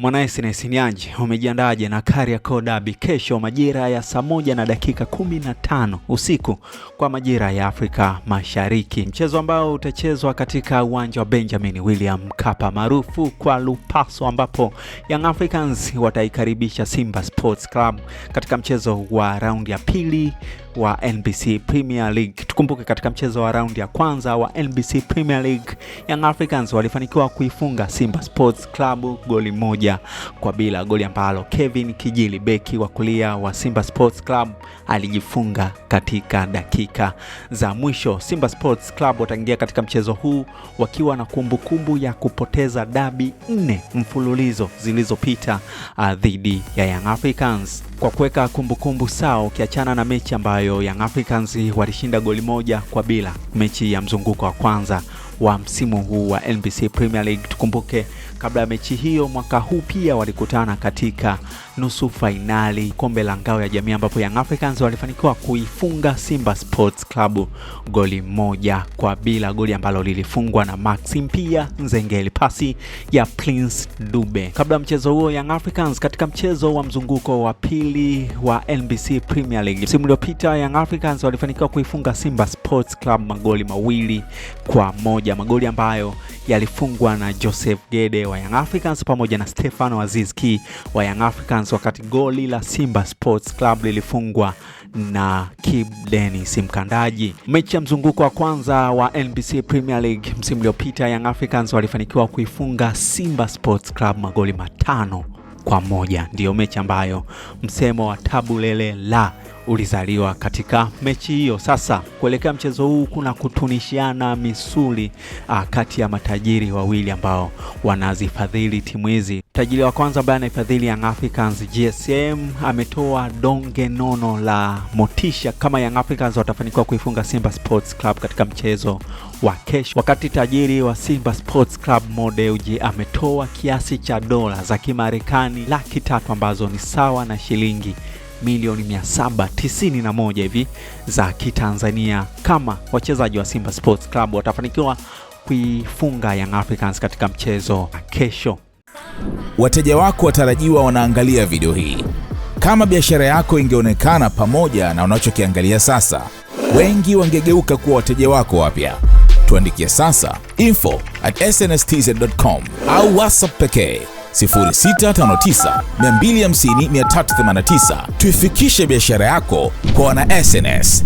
mwanaesi ni aje? Umejiandaje na Kariakoo Derby kesho majira ya saa moja na dakika kumi na tano usiku kwa majira ya Afrika Mashariki, mchezo ambao utachezwa katika uwanja wa Benjamin William Mkapa maarufu kwa Lupaso, ambapo Young Africans wataikaribisha Simba Sports Club katika mchezo wa raundi ya pili wa NBC Premier League Tukumbuke katika mchezo wa raundi ya kwanza wa NBC Premier League, Young Africans walifanikiwa kuifunga Simba Sports Club goli moja kwa bila, goli ambalo Kevin Kijili beki wa kulia wa Simba Sports Club alijifunga katika dakika za mwisho. Simba Sports Club wataingia katika mchezo huu wakiwa na kumbukumbu kumbu ya kupoteza dabi nne mfululizo zilizopita uh, dhidi ya Young Africans. Kwa kuweka kumbukumbu sawa, ukiachana na mechi ambayo Young Africans walishinda goli moja kwa bila mechi ya mzunguko wa kwanza wa msimu huu wa NBC Premier League. Tukumbuke Kabla ya mechi hiyo mwaka huu pia walikutana katika nusu fainali kombe la ngao ya jamii ambapo Young Africans walifanikiwa kuifunga Simba Sports Club goli moja kwa bila, goli ambalo lilifungwa na Maxim pia Nzengeli, pasi ya Prince Dube. Kabla ya mchezo huo, Young Africans katika mchezo wa mzunguko wa pili wa NBC Premier League msimu uliopita, Young Africans walifanikiwa kuifunga Simba Sports Club magoli mawili kwa moja, magoli ambayo yalifungwa na Joseph Gede wa Young Africans pamoja na Stefano wazizki wa Young Africans, wakati goli la Simba Sports Club lilifungwa na Kib Dennis Mkandaji. Mechi ya mzunguko wa kwanza wa NBC Premier League msimu uliopita, Young Africans walifanikiwa kuifunga Simba Sports Club magoli matano kwa moja. Ndiyo mechi ambayo msemo wa tabulele la ulizaliwa katika mechi hiyo. Sasa kuelekea mchezo huu kuna kutunishiana misuli uh, kati ya matajiri wawili ambao wanazifadhili timu hizi. Tajiri wa kwanza ambaye anaifadhili Young Africans GSM ametoa donge nono la motisha kama Young Africans watafanikiwa kuifunga Simba Sports Club katika mchezo wa kesho, wakati tajiri wa Simba Sports Club Mo Dewji ametoa kiasi cha dola za Kimarekani laki tatu ambazo ni sawa na shilingi milioni 791 hivi za Kitanzania kama wachezaji wa Simba Sports Club watafanikiwa kuifunga Young Africans katika mchezo kesho. Wateja wako watarajiwa wanaangalia video hii. Kama biashara yako ingeonekana pamoja na unachokiangalia sasa, wengi wangegeuka kuwa wateja wako wapya. Tuandikie sasa info at snstz.com au WhatsApp pekee 0659 250 Tuifikishe biashara yako kwa wana SnS.